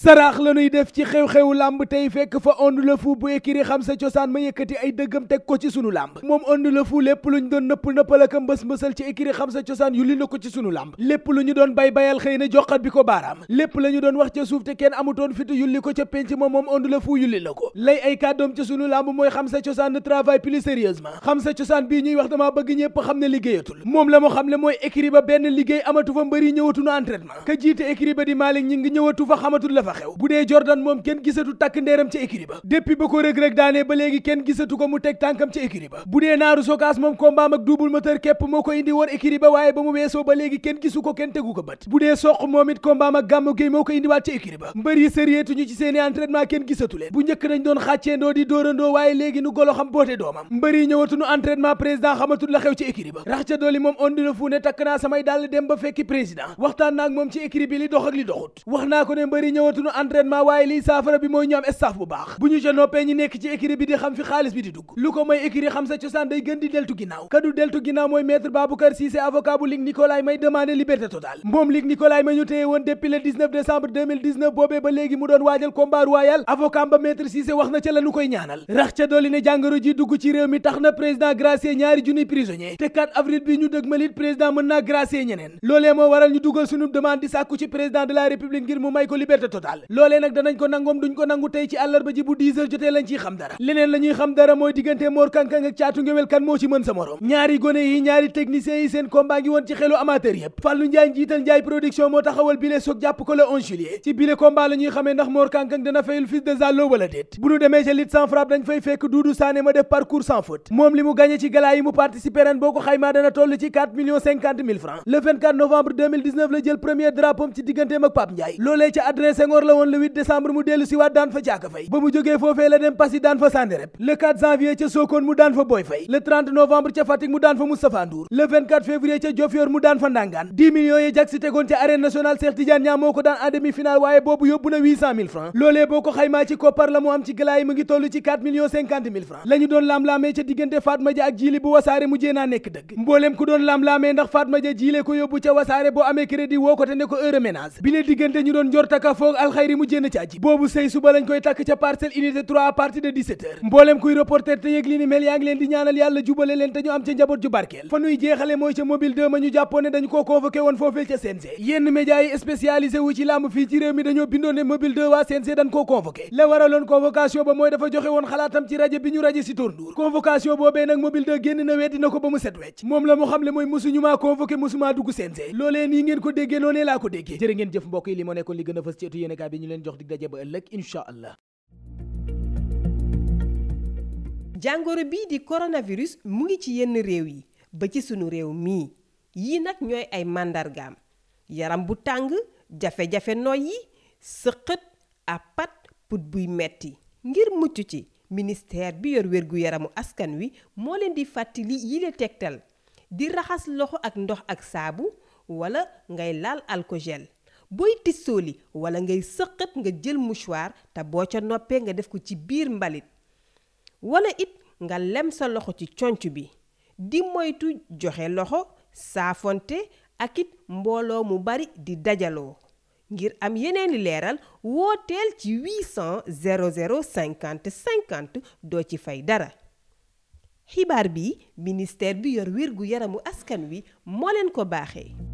saraax la nuy def ci xew xew làmb tey fekk fa Onde le Fou bu écurie xam sa cosaan ma yëkkati ay dëggam teg ko ci sunu làmb moom Onde le fu lépp lu ñu doon nëpp nëppal ak mbës mbësal ci écurie xam sa cosaan yulli na ko ci sunu làmb lépp lu ñu doon bay bayal xëy na joxat bi ko baaraam lépp la ñu doon wax ca suuf te kenn amutoon fit yulli ko ca penc moom moom Onde le Fou yulli la ko lay ay kàddoom ci sunu làmb mooy xam sa cosaan ne travaille plus sérieusement xam sa cosaan bii ñuy wax damaa bëgg ñëpp xam ne liggéeyatul moom la mu xam ne mooy écurie ba benn amatu fa mbëri ñëwatu na entraînement ka jiite écurie ba di Malick ñi ngi ñëwatu fa xew bu dee Jordan moom kenn gisatu takk ndeeram ci écurie ba depuis ba ko rëg-rëg daanee ba léegi kenn gisatu ko mu teg tànkam ci écurie bu dee naaru sokaas moom combat ak double moteur képp moo ko indi woon écurie waaye ba mu weesoo ba léegi kenn gisu ko kenn tegu ko bët bu dee soq moom it combat ak gàmmu géey moo ko indiwaat ci écurie ba mbër yi ci seeni entraînement kenn gisatu leen bu njëkk dañ doon xàcceendoo di dóorandoo waaye léegi sunu entraînement waaye liy saafara bi mooy ñu am staff bu baax bu ñu ca noppee ñi nekk ci écurie bi di xam fi xaalis bi di dugg lu ko mooy écurie day gën di deltu ginnaaw kadu deltu ginnaaw mooy maître Baboucar Cissé avocat bu Luc Nicolaï May demandé liberté totale moom Luc Nicolaï May ñu téye woon depuis le 19 boobee ba léegi mu doon waajal combat royal avocat ba maître Cissé wax na ca la koy ñaanal rax ca dolli ne jàngoro ji dugg ci réew Sall loolee nag danañ ko nangoom duñ ko nangu tey ci àllarba ji bu jotee lañ ciy xam dara leneen la xam dara mooy diggante Mor Kankang ak Caatu Ngewel kan moo ci mën sa morom ñaari gone yi ñaari techniciens yi seen combat ngi woon ci xelu amateur yëpp Fallou Ndiaye njiital Ndiaye production moo taxawal bile soog jàpp ko le 11 ci bile combat la xamee ndax Mor Kankang dana fayul fils de Zallo wala déet bu ñu demee ca lit sans frappe Podor la woon le 8 décembre mu dellu si waat daan fa caaka fay ba mu jógee foofee la dem Passy daan fa Sanderep le 4 janvier ca Sokone mu daan fa Boy Faye le 30 novembre ca Fatick mu daan fa Moustapha Ndour le 24 février ca Diofior mu daan fa Ndangaan 10 millions yi jag si tegoon ca arène nationale Cheikh Tidiane Niang ko daan en demi waaye boobu yóbbu na loolee boo ko xaymaa ci koppar la mu am ci galaay mu ngi toll ci 4 alxayri mu jénn ci aji boobu sëy suba lañ koy takk ca parcelle unité 3 à partir de 17 heures mbooleem kuy reporter te yëg mel yaa ngi leen di ñaanal yàlla jubale leen te ñu am ca njaboot ju barkeel fa nuy jeexale mooy ca mobile 2 ma ñu jàppoon ne dañu ko convoqué woon foofeel ca CNG yenn média yi wu ci làmb fii ci réew mi dañoo bindoon ne mobile 2 waa CNG dañ koo convoqué la waraloon convocation ba mooy dafa joxe woon a fës ci etu yéen yéenekaay bi ñu leen jox dig daje ba ëllëg incha jàngoro bii di coronavirus mu ngi ci yenn réew yi ba ci sunu réew mii yii nag ñooy ay màndargaam yaram bu tàng jafe-jafe noyyi sëqët apat put buy metti ngir mucc ci ministère bi yor wérgu yaramu askan wi moo leen di fàttali yile tegtal di raxas loxo ak ndox ak saabu wala ngay laal alkogel booy tissooli wala ngay sëqat nga jël mouchoir te boo ca noppee nga def ko ci biir mbalit wala it nga lem sa loxo ci conc bi di moytu joxe loxo saafonte ak it mbooloo mu bari di dajaloo ngir am yeneeni leeral wooteel ci 800 00 50 50 doo ci fay dara xibaar bi ministère bi yor wér gu yaramu askan wi moo leen ko baaxee